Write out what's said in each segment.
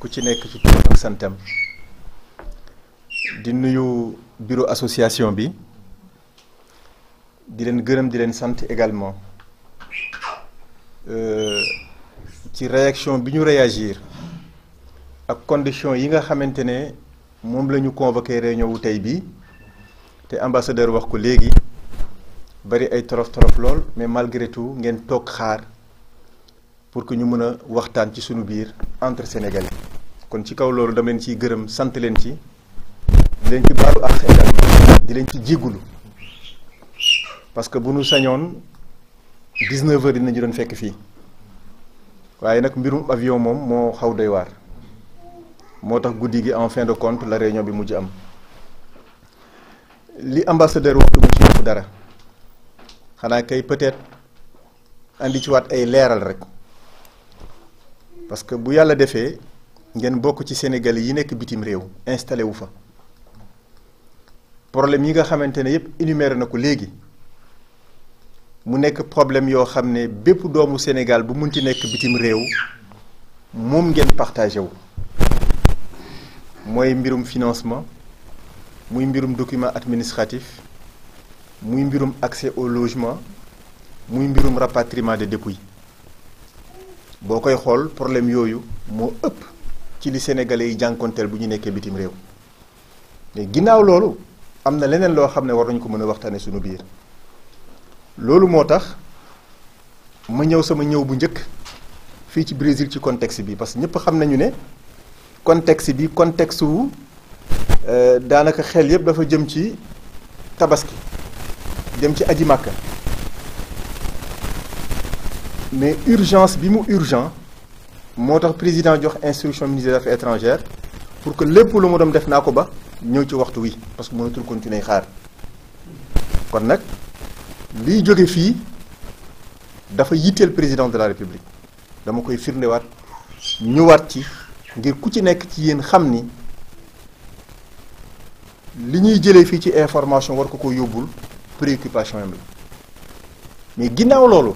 ku ci nekk ci turam ak santam di nuyu bureau association bi di leen gërëm di leen sant également euh, ci réaction bi ñu réagir ak condition yi nga xamante ne moom la ñu convoqué réunion wu tey bi te ambassadeur wax ko léegi bari ay torof torof lool mais malgré tout ngeen toog xaar pour que ñu mën a waxtaan ci suñu biir entre sénégalais. kon ci kaw loolu dama leen ciy gërëm sant leen ci di leen ci baalu ak également di leen ci jéggulu parce que bu nu sañoon 19 heures dinañu doon fekk fii waaye nag mbirum avion moom moo xaw doy waar moo tax guddi gi en fin de compte la réunion bi mujj am li ambassadeur wax du ci yokk dara xanaa kay peut-être andi ci waat ay leeral rek parce que bu yàlla defee ngeen bokk ci Sénégal yi nekk bitim réew installé wu fa problème yi nga xamante ne yëpp énuméré na ko léegi mu nekk problème yoo xam ne bépp doomu Sénégal bu mun munti nekk bitim réew moom ngeen partagé wu mooy mbirum financement muy mbirum document administratif muy mbirum accès au logement muy mbirum rapatriement des dépouilles boo koy xool problème yooyu moo ëpp ci li sénégalais yi jànkonteel bu ñu nekkee bitim réew mais ginnaaw loolu am na leneen loo xam ne war nañ ko mën a waxtaane suñu biir loolu moo tax ma ñëw sama ñëw bu njëkk fii ci Brésil ci contexte bi parce que ñëpp xam nañu ne contexte bi contexte wu euh, daanaka xel yëpp dafa jëm ci tabaski jëm ci aji màkka mais urgence bi mu urgent moo tax président jox instruction ministre des affaires pour que lépp lu mu doon def naa ko ba ñëw ci waxtu wi parce que mënatul continuer xaar kon nag liy jóge fii dafa yitteel président de la république dama koy firndewaat ñëwaat ci ngir ku ci nekk ci yéen xam ni li ñuy jëlee fii ci information war ko ko yóbbul préoccupation am la mais ginnaaw loolu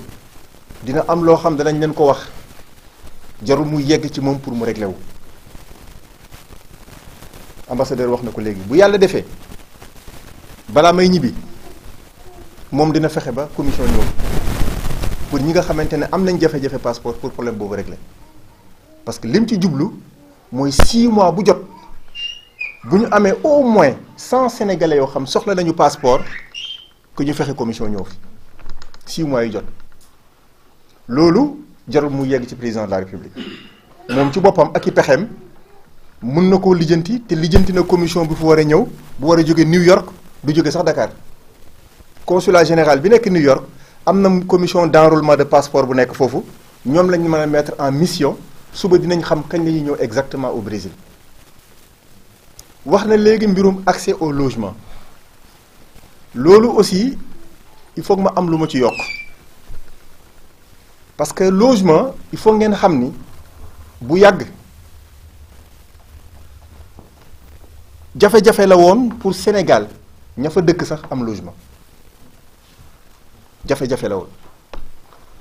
dina am loo xam danañ leen ko wax. jarul mu yegg ci moom pour mu réglé wu ambassadeur wax na ko léegi bu yàlla defee balaa may ñibbi moom dina fexe ba commission ñëw pour ñi nga xamante ne am nañ jafe-jafe passeport pour problème boobu réglé parce que lim ci jublu mooy 6 mois bu jot bu ñu amee au moins 100 sénégalais yoo xam soxla nañu passeport ku ñu fexe commission ñëw fi 6 mois yu jot loolu. jarul mu yegg ci président de la république moom ci boppam ak i pexeem mën na koo lijjanti te lijjanti na commission bu fu war a ñëw bu war a jóge New York du jógee sax Dakar consulat général bi nekk New York am na commission d'enrôlement de passeport bu nekk foofu ñoom lañ mën a mettre en mission suba dinañ xam kañ la ñuy ñëw exactement au Brésil wax na léegi mbirum accès au logement loolu aussi il faut ma am lu ma ci yokk parce que logement il faut ngeen xam ni bu yàgg jafe-jafe la woon pour Sénégal ña fa dëkk sax am logement jafe-jafe la woon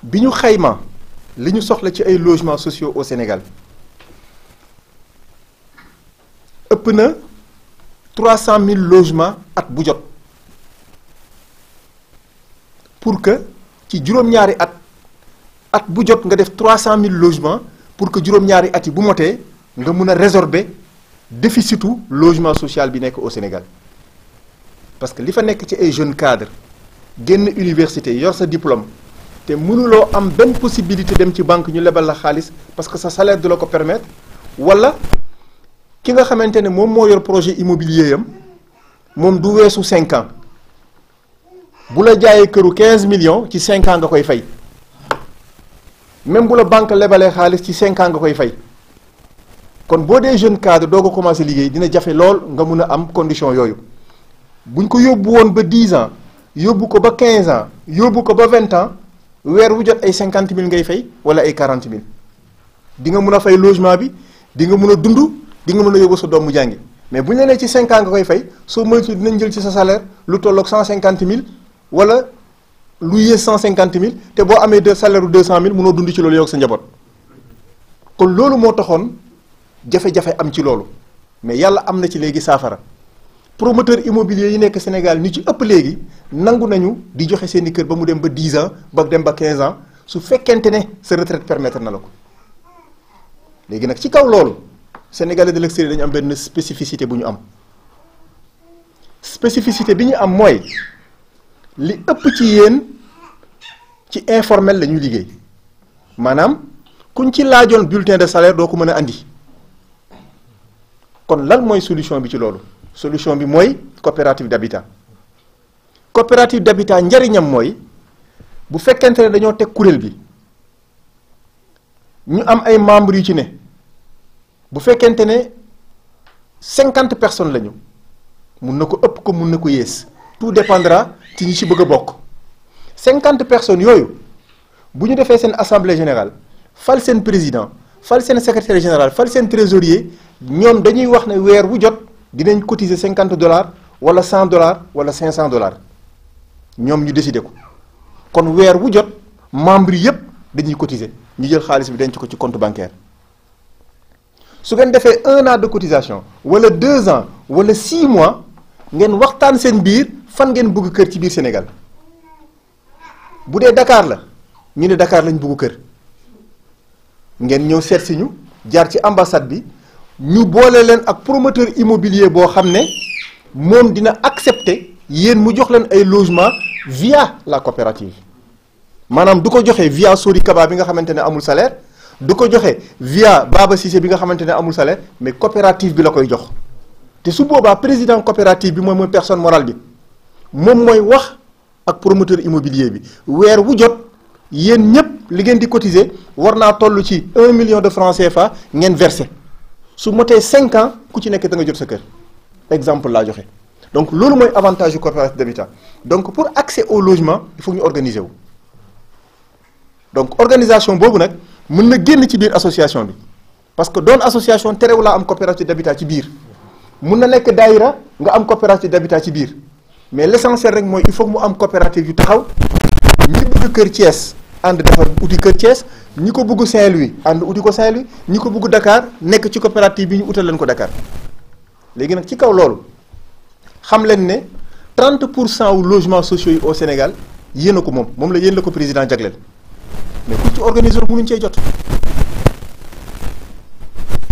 bi ñu xayma li ñu soxla ci ay logements sociaux au Sénégal ëpp na trois cent mille logements at bu jot pour que ci juróom-ñaari at at bu jot nga def mille logements pour que juróom-ñaari ati yi bu motee nga mun a résorber déficitu logement social bi nekk au Sénégal parce que li fa nekk ci ay jeunes cadres génn université yor sa diplôme te mënuloo am benn possibilité dem ci banque ñu lebal la xaalis parce que sa salaire du la ko permettre wala ki nga xamante ne moom moo yor projet immobilier yam moom du weesu 5 ans bu la jaayee këru 15 millions ci 5 ans nga koy fay. même bu la banque lebalee xaalis ci cinq ans nga koy fay kon boo dee jeune cadre doo ko commencé liggéey dina jafe lool nga mun a am condition yooyu buñ ko yóbbu woon ba dix ans yóbbu ko ba quinze ans yóbbu ko ba vingt ans weer wu jot ay cinquante mille ngay fay wala ay quarante mil di nga mun a fay logement bi di nga mun a dund di nga mun a yóbbu sa doom mu jàngi mais bu ñu la ci cinquante nga koy fay soo moytu dinañ jël ci sa salaire lu tolloog cent cinquante mille wala. lu yées cent cinquante mille te boo amee deux salaire deux cent mille mënoo dund ci loolu yow ak sa njaboot kon loolu moo taxoon jafe-jafe am ci loolu mais yàlla am na ci léegi saafara promoteur immobilier yi nekk Sénégal ñu ci ëpp léegi nangu nañu di joxe seeni kër ba mu dem ba dix ans ba dem ba quinze ans su fekkente ne sa retraite permettre na la ko léegi nag ci kaw loolu Sénégalais de l'extérieur dañu am benn spécificité bu ñu am spécificité bi ñu am mooy li ëpp ci yéen. ci informel la ñuy liggéey maanaam kuñ ci laajoon bulletin de salaire doo ko mën a andi kon lan mooy solution bi ci loolu solution bi mooy coopérative d'habitat coopérative d'habitat njariñam mooy bu fekkente ne dañoo teg kuréel bi ñu am ay membres yu ci ne bu fekkente ne cinquante personnes lañu mun na ko ëpp ko mun na ko yées tout dépendra ci ñi ci bëgg a bokk cinquante personnes yooyu bu ñu defee seen assemblée général fal seen président fal seen secrétaire général fal seen trésorier ñoom dañuy wax ne weer wu jot dinañ cotiser cinquante dollars wala cent dollars wala cinq cent dollars ñoom ñu décider ko kon weer wu jot membres yépp dañuy cotiser ñu jël xaalis bi denc ko ci compte bancaire su ngeen defee un an de cotisation wala deux ans wala six mois ngeen waxtaan seen biir fan ngeen bugg kër ci biir Sénégal bu dee dakaar la ñu ne dakaar lañ bugg kër ngeen ñëw seet si ñu jaar ci ambassade bi ñu boole leen ak promoteur immobilier boo xam ne moom dina accepter yéen mu jox leen ay logement via la coopérative maanaam du ko joxe via Sori Kaba bi nga xamante ne amul salaire du ko joxe via Baba Cissé bi nga xamante ne amul salaire mais coopérative bi la koy jox te su boobaa président coopérative bi moom mooy personne morale bi moom mooy wax. ak promoteur immobilier bi weer wu jot yéen ñëpp li ngeen di cotiser war naa toll ci un million de francs CFA ngeen versé su motee cinq ans ku ci nekk da nga jot sa kër exemple laa joxe donc loolu mooy avantage yu coopérative d'habitat donc pour accès au logement il ñu organiser wu donc organisation boobu nag mun na génn ci biir association bi parce que doon association terewu laa am coopérative d'habitat ci biir mun na nekk daayira nga am coopérative d'habitat ci biir mais l' essentiel rek mooy il faut mu am coopérative yu taxaw ñi bëgg kër Thiès ànd defar uti kër Thiès ñi ko bëgg Saint-Louis ànd uti ko Saint-Louis ñi ko bugg dakaar nekk ci coopérative bi ñu utal leen ko Dakar léegi nag ci kaw loolu xam leen ne 30 pour cent wu logements sociaux yi au Sénégal yéen a ko moom moom la yéen la ko président jagleel mais ku ci organiser wu mënuñ cee jot.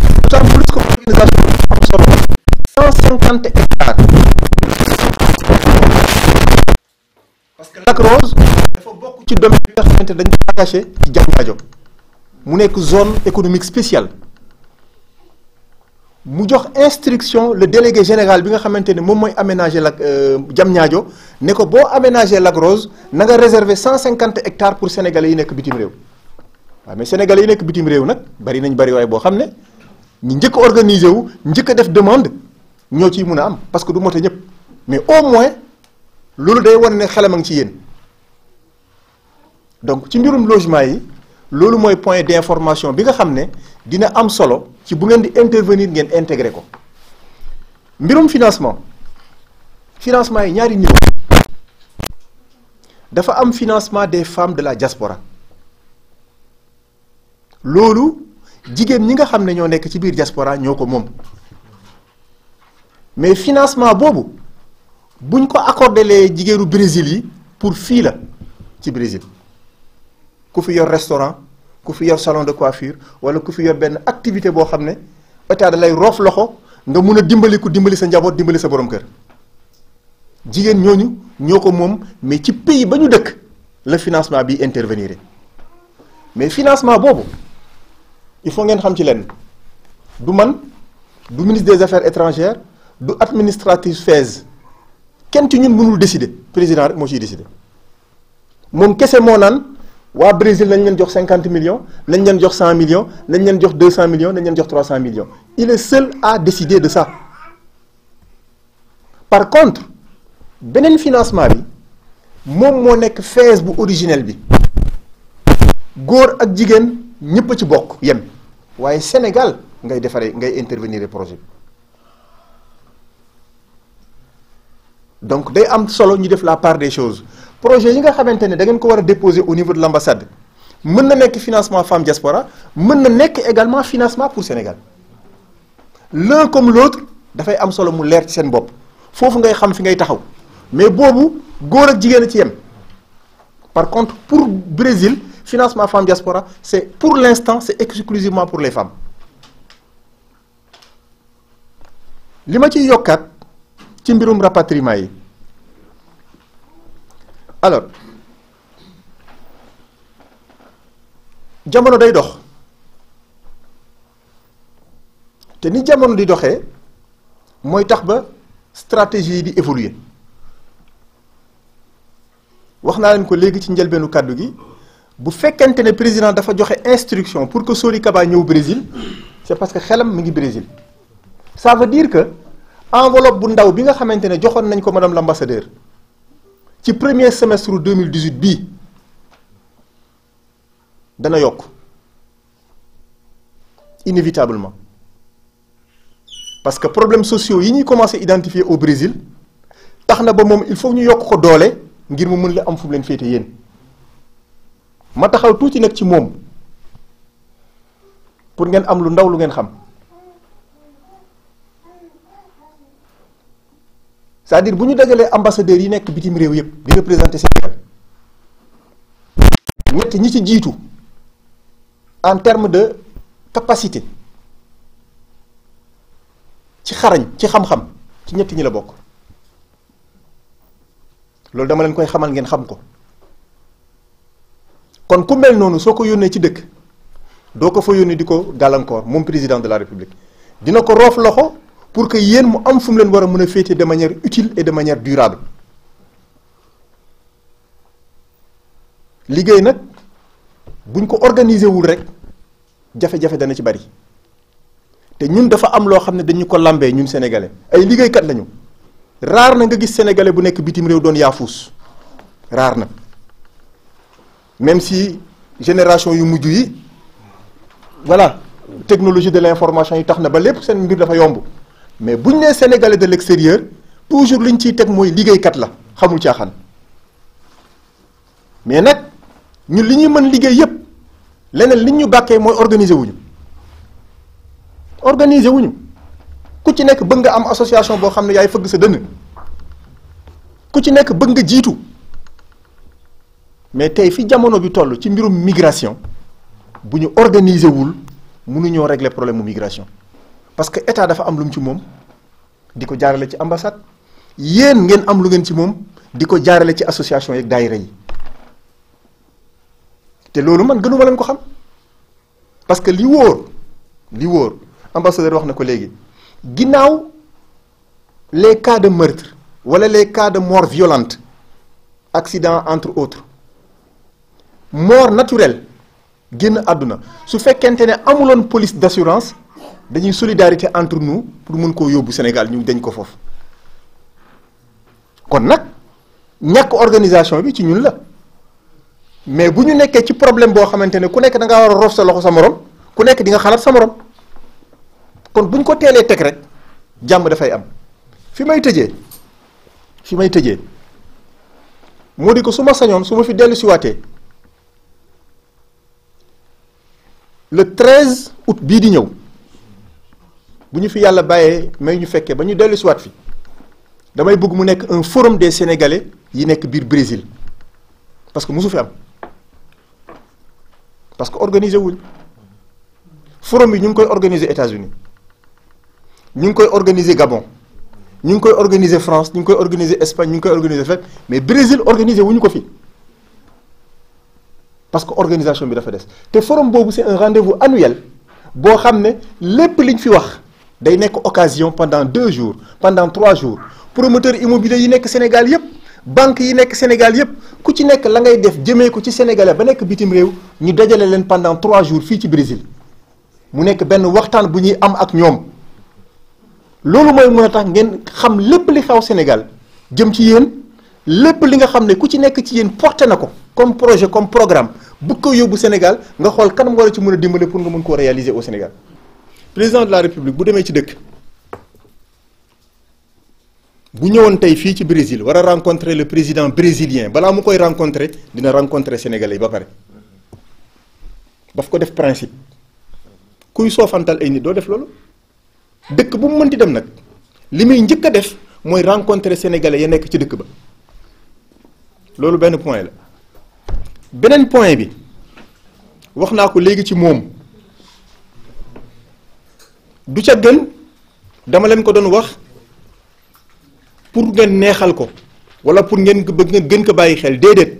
d'autant plus que organisation am solo 150 hectares. parce que Lac Rose dafa bokk ci domaine bi nga xamante dañ ko attaché ci Diamniadio mu nekk zone économique spéciale mu jox instruction le délégué général bi nga xamante ne moom mooy aménager euh, jam Diamniadio ne ko boo aménager Lac Rose na nga réserver cent cinquante hectares pour sénégale yi nekk bitim réew waaw mais sénégalais yi nekk bitim réew nag bari nañ bari waaye boo xam ne ñu njëkk a organiser wu njëkk def demande ñoo ciy mun a am parce que du moto ñëpp. mais au moins loolu day wane ne xelam a ngi ci yéen donc ci mbirum logement yi loolu mooy point d'information bi nga xam ne dina am solo ci bu ngeen di intervenir ngeen intégrer ko mbirum financement financement yi ñaari niveau dafa am financement des femmes de la diaspora loolu jigéen ñi nga xam ne ñoo nekk ci biir diaspora ñoo ko moom mais financement boobu buñ ko accordé les jigéenu Brésil yi pour fii la ci Brésil ku fi yor restaurant ku fi yor salon de coiffure wala ku fi yor benn activité boo xam ne état da lay roof loxo nga mun a dimbali ku dimbali sa njaboot dimbali sa borom kër jigéen ñooñu ñoo ko moom mais ci pays ba ñu dëkk la financement bi intervenir mais financement boobu il faut ngeen xam ci lenn du man du ministre des affaires étrangères du administrative FAISE kenn ci ñun mënul décider président rek moo ciy décider moom kese moo naan waa Brésil nañ leen jox cinquante million nañ leen jox cent million nañ leen jox deux cent millions nañ leen jox trois cent millions il est seul à décider de ça par contre beneen financement bi moom moo nekk phase bu originel bi góor ak jigéen ñëpp ci bokk yem waaye Sénégal ngay defaree ngay intervenir projet donc day am solo ñu def la part des choses projet yi nga xamante ne da ngeen ko war a déposé au niveau de l'ambassade mën na nekk financement femme diaspora mën na nekk également financement pour Sénégal l'un comme l'autre dafay am solo mu leer ci seen bopp foofu ngay xam fi ngay taxaw mais boobu góor ak jigéen a ci yem par contre pour Brésil financement femme diaspora c'est pour l'instant c'est exclusivement pour les femmes li ma ciy yokkaat ci mbirum rapatriement yi alors jamono day dox te ni jamono di doxee mooy tax ba stratégie yi di évoluer wax naa leen ko léegi ci njëlbeenu kàddu gi bu fekkente ne président dafa joxe instruction pour que Sori Kaba ñëw Brésil c'est parce que xelam mi ngi Brésil ça veut que enveloppe bu ndaw bi nga xamante ne joxoon nañ ko madame l'ambassadeur ci premier semestre deux mille dix-huit bii dana yokk inévitablement parce que problèmes sociaux yi ñuy commencé identifier au Brésil tax na ba moom il faut ñu yokk ko doole ngir mu mën la am fu mu leen féete yéen ma taxaw tuuti nag ci moom pour ngeen am lu ndaw lu ngeen xam. cest à bu ñu dajalee ambassadeurs yi nekk bitim réew yëpp di représenter Sénégal ñett ñi ci jiitu en terme de capacité ci xarañ ci xam-xam ci ñett ñi la bokk loolu dama leen koy xamal ngeen xam ko kon ku mel noonu soo ko yónnee ci dëkk doo ko fa yónnee di ko gàllankoor moom président de la république dina ko roof loxo pour que yéen mu am fu mu leen war a mën a féete de manière utile et de manière durable liggéey nag buñ ko organiser wul rek jafe-jafe dana ci bari te ñun dafa am loo xam ne dañu ko lambee ñun sénégalais ay liggéeykat lañu raar na nga gis sénégalais bu nekk bitim réew doon yaafuus raar na même si génération yu mujj yi voilà technologie de l'information yi tax na ba lépp seen mbir dafa yomb. mais bu ñu nee sénégalais de l'extérieur toujours li ñu ciy teg mooy liggéeykat la xamul caaxaan mais nag ñun li ñuy mën liggéey yépp leneen li ñu bàkkee mooy organiser wuñu organiser wuñu ku ci nekk bëgg nga am association boo xam ne yaay fëgg sa dënn ku ci nekk bëgg nga jiitu mais tey fi jamono bi toll ci mbirum migration bu ñu organiser wul mënuñoo régler problème mu migration. parce que état dafa am lu mu ci moom di ko jaarale ci ambassade yéen ngeen am lu ngeen ci moom di ko jaarale ci association yeeg daayira yi te loolu man gënuma leen ko xam parce que li wóor li wóor ambassadeur wax na ko léegi ginnaaw les cas de meurtre wala les cas de mort violente accident entre autres mort naturel génn àdduna su fekkente ne amuloon police d'assurance dañuy solidarité entre nous pour mën koo yóbbu Sénégal ñu dañ ko foofu kon nag ñàkk organisation bi ci ñun la mais bu ñu nekkee ci problème boo xamante ne ku nekk da war a rof sa loxo sa moroom ku nekk di nga xalaat sa morom kon bu ñu ko teelee teg rek jàmm dafay am fi may tëjee fi may tëjee moo di ko su ma sañoon su ma fi dellu siwaatee le 13 août bii di ñëw. bu ñu fi yàlla bàyyee may ñu fekkee ba ñu dellu si fi damay bëgg mu nekk un forum des sénégalais yi nekk biir Brésil parce que mosu fi am parce que organiser wuñ forum bi ñu ngi koy organiser États-Unis ñu ngi koy organiser Gabon ñu ngi koy organiser France ñu ngi koy organiser Espagne ñu ngi koy organiser fépp mais Brésil organiser wuñu ko fi parce que organisation bi dafa des te forum boobu c'est un rendez-vous annuel boo xam ne lépp liñ fi wax day nekk occasion pendant deux jours pendant trois jours promoteur immobilier yi nekk Sénégal yëpp banque yi nekk Sénégal yëpp ku ci nekk la ngay def jëmee ko ci sénégalais ba nekk bitim réew ñu dajale leen pendant trois jours fii ci Brésil mu nekk benn waxtaan bu ñuy am ak ñoom loolu mooy mën a tax ngeen xam lépp li xew Sénégal jëm ci yéen lépp li nga xam ne ku ci nekk ci yéen porté na ko comme projet comme programme bu ko yóbbu Sénégal nga xool kan moo la ci a dimbale pour nga mën koo réaliser au Sénégal. président de la république bu demee ci dëkk bu ñëwoon tey fii ci Brésil war a rencontrer le président brésilien balaa mu koy rencontrer dina rencontrer sénégalais yi ba pare daf ko def principe kuy soofantal ay nit doo def loolu dëkk bu mu mënti dem nag li muy njëkk a def mooy rencontrer sénégalais yi nekk ci dëkk ba loolu benn point la beneen point bi wax naa ko léegi ci moom. du ca gën dama leen ko doon wax pour ngeen neexal ko wala pour ngeen bëgg ngeen gën ko bàyyi xel déedéet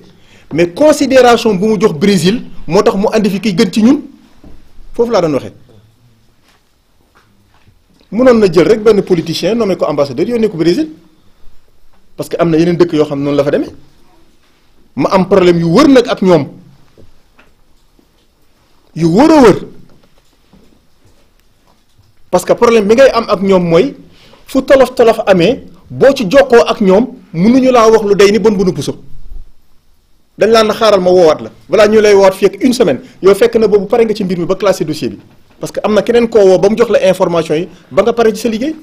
mais considération bu mu jox Brésil moo tax mu andi fi ki gën ci ñun foofu laa doon waxee mënoon na jël rek benn politicien nommé ko ambassadeur yónnee ko Brésil parce que am na yeneen dëkk yoo xam noonu la fa demee ma am problème yu wër nag ak ñoom yu wër a wër. parce que problème bi ngay am ak ñoom mooy fu tolof tolof amee boo ci jokkoo ak ñoom mënuñu laa wax lu day ni bën bu nu puso dañ laan na xaaral ma woowaat la balaa ñu lay woowaat fii ak une semaine yow fekk na boobu pare nga ci mbir mi ba classé dossier bi parce que am na keneen koo woo ba mu jox la information yi ba nga pare ci sa liggéey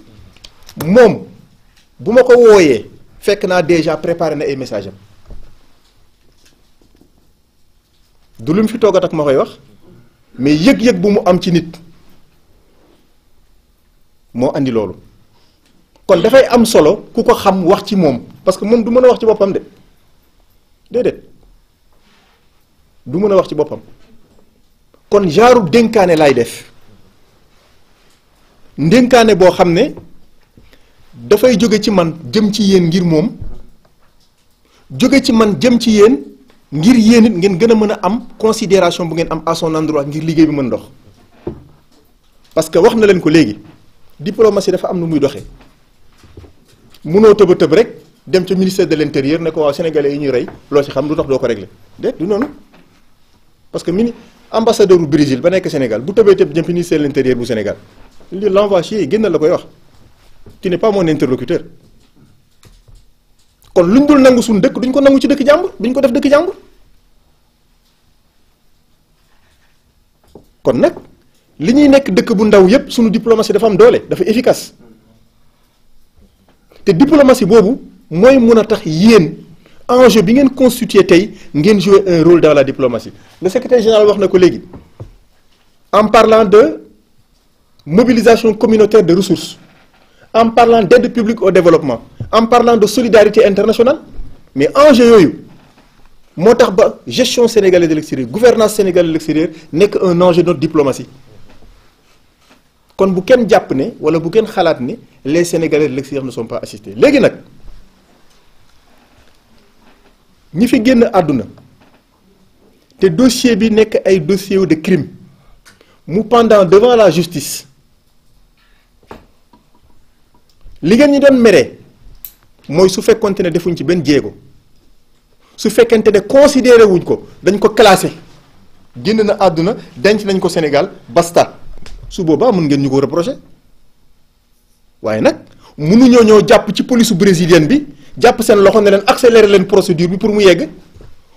moom bu ma ko wooyee fekk naa déjà préparé na ay message du lu mu fi toogat ak ma koy wax mais yëg-yëg bu mu am ci nit moo indi loolu kon dafay am solo ku ko xam wax ci moom parce que moom du mën a wax ci boppam de déedéet du mën a wax ci boppam kon genre dénkaane laay def ndénkaane boo xam ne dafay jóge ci man jëm ci yéen ngir moom jóge ci man jëm ci yéen ngir yéen it ngeen gën a mën a am consideration bu ngeen am à son endroit ngir liggéey bi mën ndox parce que wax na leen ko léegi diplomatie dafa am nu muy doxee munoo tëb a tëb rek dem ca ministère de l'intérieur ne ko waaw sénégalais yi ñuy rey loo ci xam lu dox doo ko régler déet du noonu parce que mini ambassadeur bu Brésil ba nekk Sénégal bu tëbee tëb jëm ministère de l'intérieur bu Sénégal li l'envoie génn la koy wax tu ne pas mon interlocuteur kon luñ dul nangu suñu dëkk duñ ko nangu ci dëkk jàmbur duñ ko def dëkk jàmbur kon nag. li ñuy nekk dëkk bu ndaw yépp suñu diplomatie dafa am doole dafa efficace te diplomatie boobu mooy mun a tax yéen enjeu bi ngeen constitué tey ngeen jouer un rôle dans la diplomatie le secrétaire général wax na ko léegi en parlant de mobilisation communautaire de ressources en parlant de publique au développement en parlant de solidarité internationale mais enjeu yooyu moo tax ba gestion sénégalaise de l'extérieur gouvernance sénégalaise de l'extérieur nekk un enjeu de notre kon bu kenn jàpp ne wala bu kenn xalaat ne les sénégalais de l'extérieur ne sont pas assistés léegi nag ñi fi génn àdduna te dossier bi nekk ay dossier wu de crime mu pendant devant la justice li ngeen ñu doon mooy su fekkonte ne defuñ ci benn jéego su fekkente ne considéré wuñ ko dañ ko classé génn na àdduna denc nañ ko Sénégal basta su boobaa mun ngeen ñu ko reprocher waaye nag mënuñoo ñoo jàpp ci police brésilienne bi jàpp seen loxo ne leen accélérer leen procédure bi pour mu yegg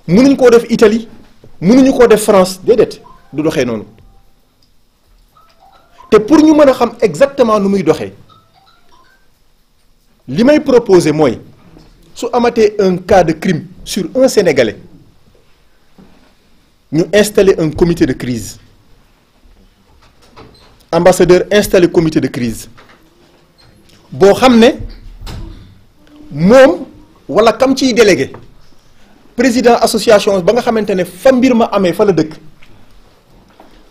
mënuñ koo def Italie ñu koo def France déedéet du doxee noonu te pour ñu mën a xam exactement nu muy doxee li may proposer mooy su amatee un cas de crime sur un Sénégalais ñu installé un comité de crise ambassadeur installé comité de crise boo xam ne moom wala kam ciy délégué président association ba nga xamante ne fa mbir ma amee fa la dëkk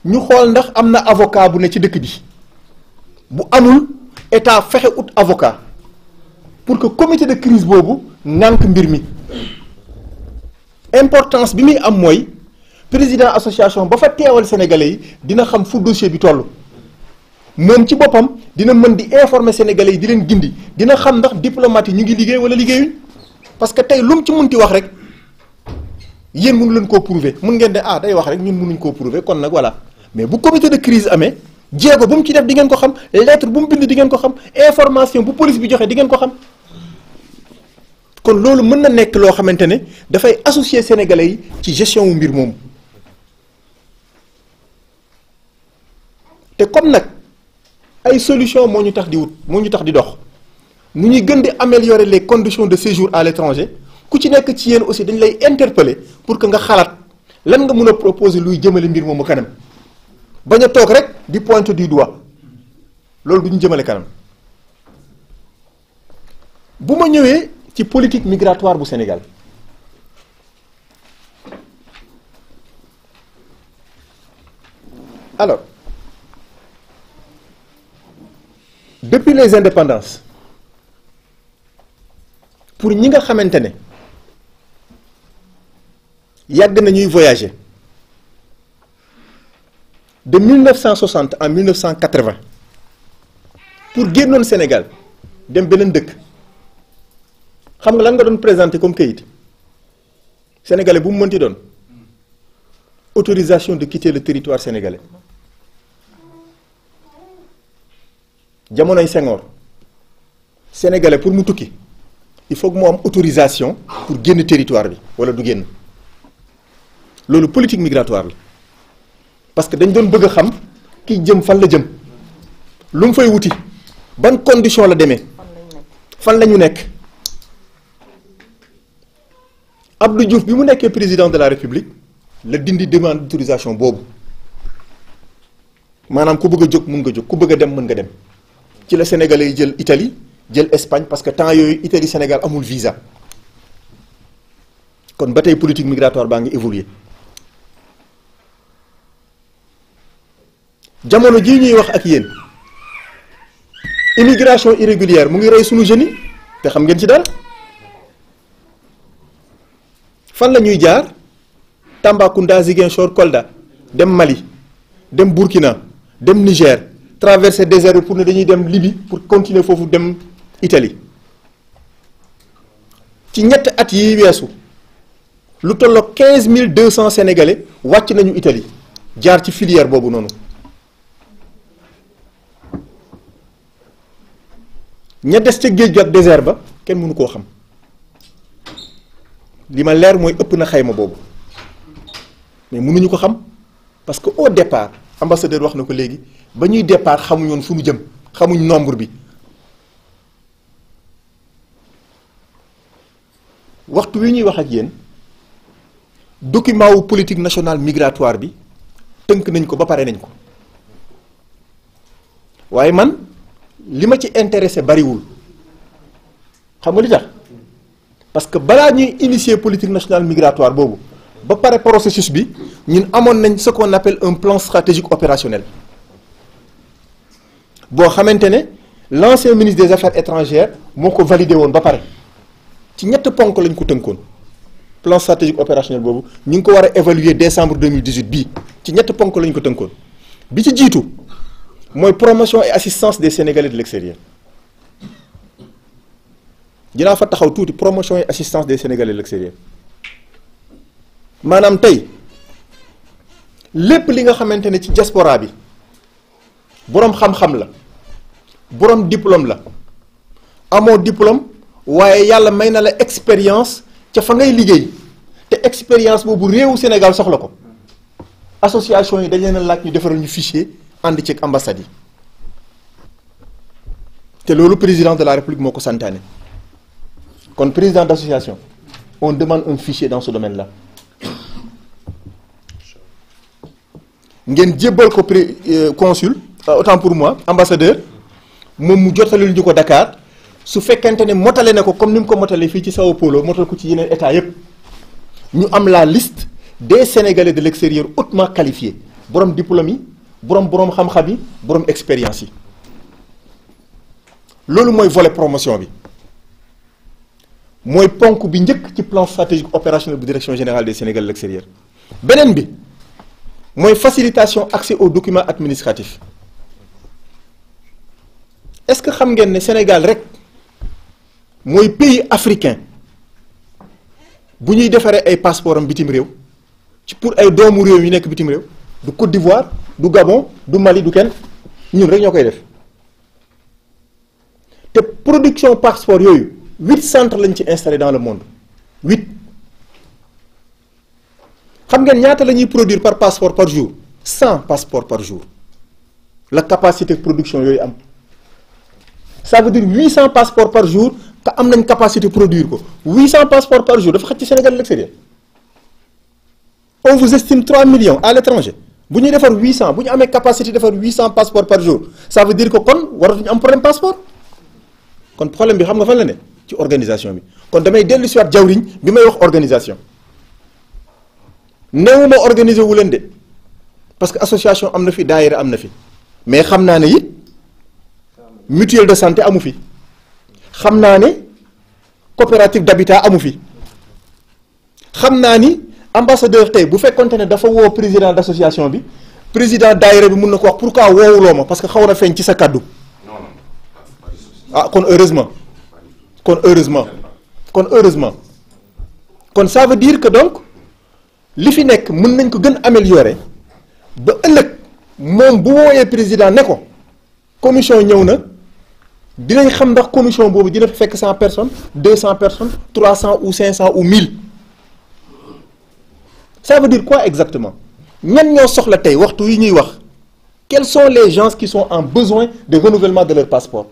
ñu xool ndax am na avocat bu ne ci dëkk bi bu amul état fexe ut avocat pour que comité de crise boobu nànk mbir mi importance bi muy am mooy président association ba fa teewal sénégalais yi dina xam fu dossier bi toll moom ci boppam dina mën di informer sénégalais yi di leen gindi dina xam ndax diplomate yi ñu ngi liggéey wala liggéeyuñ parce que tey lu mu ci munti wax rek yéen mënu leen koo prouver mun ngeen de ah day wax rek ñun mënuñ koo prouver kon nag voilà mais bu comité de crise amee jéego bu mu ci def di ngeen ko xam lettre bu mu bind di ngeen ko xam information bu police bi joxe di ngeen ko xam kon loolu mën na nekk loo xamante ne dafay associer sénégalais yi ci gestion wu mbir moomu te comme ay solution moo ñu tax di wut moo ñu tax di dox nu ñuy gën di améliorer les conditions de séjour à l'étranger ku ci nekk ci yéen aussi dañ lay interpeller pour que nga xalaat lan nga mën a proposer luy jëmale mbir moomu kanam bañ a toog rek di pointe du doigt loolu duñu ñu jëmale kanam bu ma ñëwee ci politique migratoire bu Sénégal alors depuis les indépendance pour ñi nga xamante ne yàgg na ñuy voyager de mille cent 1960 en cent quatre 1980 pour génnoon Sénégal dem beneen dëkk xam nga lan nga doon présenter comme kayit sénégalais bu mu mënti doon autorisation de quitter le territoire sénégalais. jamonoy Senghor sénégalais pour mu tukki il faut que mu am autorisation pour génn territoire bi wala du génn loolu politique migratoire la parce que dañ doon bëgg a xam kiy jëm fan la jëm lu mu fay wuti ban condition la demee fan la ñu nekk Abdou Diouf bi mu nekkee président de la République la dindi demande autorisation boobu maanaam ku bëgg a jóg mën nga jóg ku bëgg a dem mën nga dem. ci la sénégalais yi jël Italie jël Espagne parce que temps yooyu Italie Sénégal amul visa kon ba tey politique migratoire baa ngi évoluer jamono jii ñuy wax ak yéen immigration irrégulière mu ngi rey sumu jeunes te xam ngeen ci dara fan la ñuy jaar Tambacounda Ziguinchor Kolda dem Mali dem Burkina dem Niger. traverser désert bi pour ne dañuy dem Libye pour continuer foofu dem Italie ci ñett at yi weesu lu tolloog quinze mille deux cent sénégalais wàcc nañu Italie jaar ci filière boobu noonu ña des ca géej gat ak ba kenn mënu koo xam li ma leer mooy ëpp na xayma boobu mais mënuñu ko xam parce que au départ. ambassadeur wax na ko léegi ba ñuy départ xamuñu woon fu mu jëm xamuñ nombre bi waxtu wi ñuy wax ak yéen document wu politique nationale migratoire bi tënk nañ ko ba pare nañ ko waaye man li ma ci intéressé bariwul xam nga li tax parce que balaa ñuy initier politique national migratoire boobu ba pare processus bi ñun amoon nañ ce qu'on appelle un plan stratégique opérationnel boo xamante ne l'ancien ministre des affaires étrangères moo ko validé woon ba pare ci ñett ponk lañ ko tënkoon plan stratégique opérationnel boobu ñu ngi ko war a évaluer décembre 2018 bii ci ñett ponk lañ ko tënkoon bi ci jiitu mooy promotion et assistance des sénégalais de l'extérieur dinaa fa taxaw tuuti promotion et assistance des sénégalais de maanaam tey lépp li nga xamante ne ci diaspora bi boroom xam-xam la boroom diplôme la amoo diplôme waaye yàlla may na la expérience ca fa ngay liggéey te expérience boobu réewu Sénégal soxla ko association yi dañ leen a laaj ñu defaral ñu fichier ànd ci ambassade yi te loolu président de la république moo ko santaane kon président d'association on demande un fichier dans ce domaine la ngeen jébbal ko pré euh, consul euh, autant pour moi ambassadeur moom mu jotalil ñu ko dakaar su fekkente ne motale na ko comme ni mu ko motalee fii ci Sao Paulo motal ko ci yeneen état yépp ñu am la liste de sénégalais de l'extérieur hautement qualifiés borom diplôme yi boroom borom xam-xam yi borom expérience yi loolu mooy vole promotion bi mooy ponk bi njëkk ci plan stratégique opérationnel bu direction générale des sénégale de l'extérieur beneen bi. mooy facilitation accès aux documents administratifs est-ce que xam ngeen ne Sénégal rek mooy pays africain bu ñuy defaree ay passeport am bitim réew ci pour ay doomu réew yu nekk bitim réew du Côte d'Ivoire du Gabon du Mali du kenn ñun rek ñoo koy def te production passeport yooyu huit centres lañ ci installé dans le monde huit xam ngeen ñaata la ñuy produire par passeport par jour cent passeports par jour la capacité de production yooyu am ça veut dire huit cent passeports par jour te am nañ capacité produire ko huit cent passeports par jour dafa xaj ci Sénégal l'extérieur on vous estime trois millions à l'étranger bu ñuy defar huit cent bu ñu amee capacité defar huit cent passeports par jour ça veut dire que kon waratuñu am problème passeport kon problème bi xam nga fan la ne ci organisation bi kon damay dellu si waat jawriñ bi may wax organisation néew ma organiser wu leen de parce que association am na fi daayira am na fi mais xam naa ne it mutuelle de santé amu fi xam naa ne coopérative d'habitat amu fi xam naa ni ambassadeur tey bu fekkonte ne dafa woo président d'association bi président daayira bi mun na ko wax pourquoi woowuloo ma parce que xaw na feeñ ci sa kàddu ah kon heureusement kon heureusement kon heureusement kon ça veut que donc li fi nekk mën nañ ko gën améliorer ba ëllëg moom bu wooyee président ne ko commission ñëw na dinañ xam ndax commission boobu dina fa fekk cent personnes deux cent personnes trois cent ou cinq cent ou mille ça veut dire quoi exactement ñan ñoo soxla tey waxtu yi ñuy wax quels sont les gens qui sont en besoin de renouvellement de leur passeport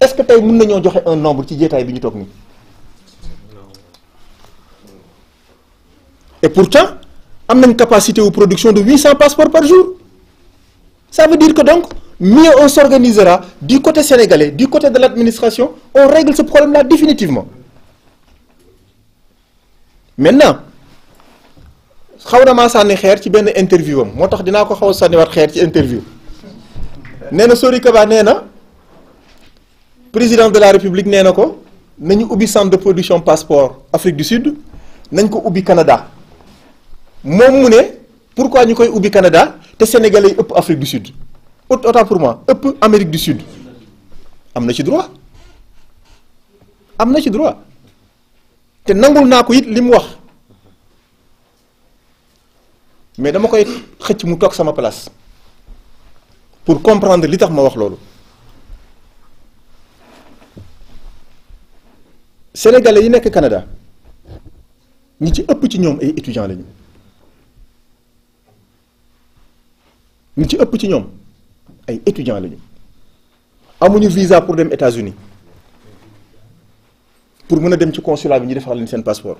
est-ce que tey mën nañoo joxe un nombre ci jeetaay bi ñu toog nii et pourtant am nañ capacité wu production de huit cent passeports par jour ça veut dire que donc mieux on s'organisera du côté sénégalais du côté de l'administration on règle ce problème là définitivement maintenant xaw na maa sànni xeer ci benn interview moo tax dinaa ko xaw a sànniwaat xeer ci interview nee na Sori Kaba nee na président de la république nee na ko nañu ubbi centre de production passeport Afrique du Sud nañ ko ubbi Canada moom mu ne pourquoi ñu koy ubbi Canada te sénégalais yi ëpp Afrique du Sud autant pour moi ëpp Amérique du Sud am na ci droit am na ci droit te nangul naa ko it li mu wax mais dama koy xëcc mu toog sama place pour comprendre li tax ma wax loolu sénégalais yi nekk Canada ñi ci ëpp ci ñoom ay étudiants lañu. ñu ci ëpp ci ñoom ay étudiants lañu amuñu visa pour dem États-Unis pour mën a dem ci consulat bi ñu defal leen seen passeport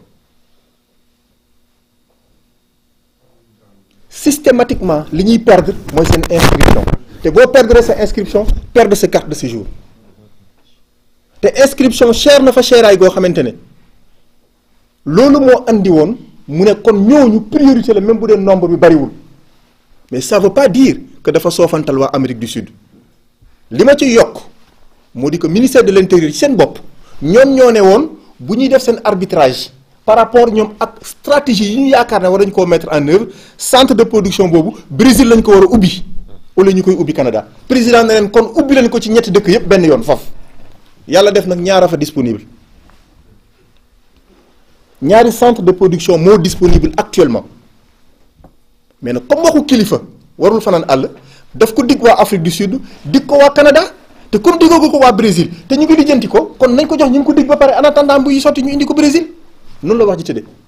systématiquement li ñuy perdre mooy seen inscription te boo perdre sa inscription perdre sa carte de séjour te inscription cher na fa cheraay goo xamante ne loolu moo indi woon mu ne kon ñooñu priorité la même bu dee nombre bi bariwul. mais ça veut pas dire que dafa soofantal waa Amérique du Sud li ma ci yokk moo di que ministère de l'intérieur ci seen bopp ñoom ñoo ne woon bu ñuy def seen arbitrage par rapport ñoom ak stratégie yi ñu yaakaar ne war nañu koo mettre en œuvre centre de production boobu Brésil lañ ko war a ubbi wala ñu koy ubbi Canada président ne leen kon ubbi leen ko ci ñetti dëkk yépp benn yoon foofu yàlla def nag ñaara fa disponible ñaari centre de production moo disponible actuellement mais nag comme waxu kilifa warul fanaan àll daf ko dig waa Afrique du Sud dig ko waa Canada te comme diggagul ko waa Brésil te ñu ngi lijjanti ko kon nañ ko jox ñu ngi ko dig ba pare en attendant bu yi sotti ñu indi ko Brésil noonu la wax ji tëddee.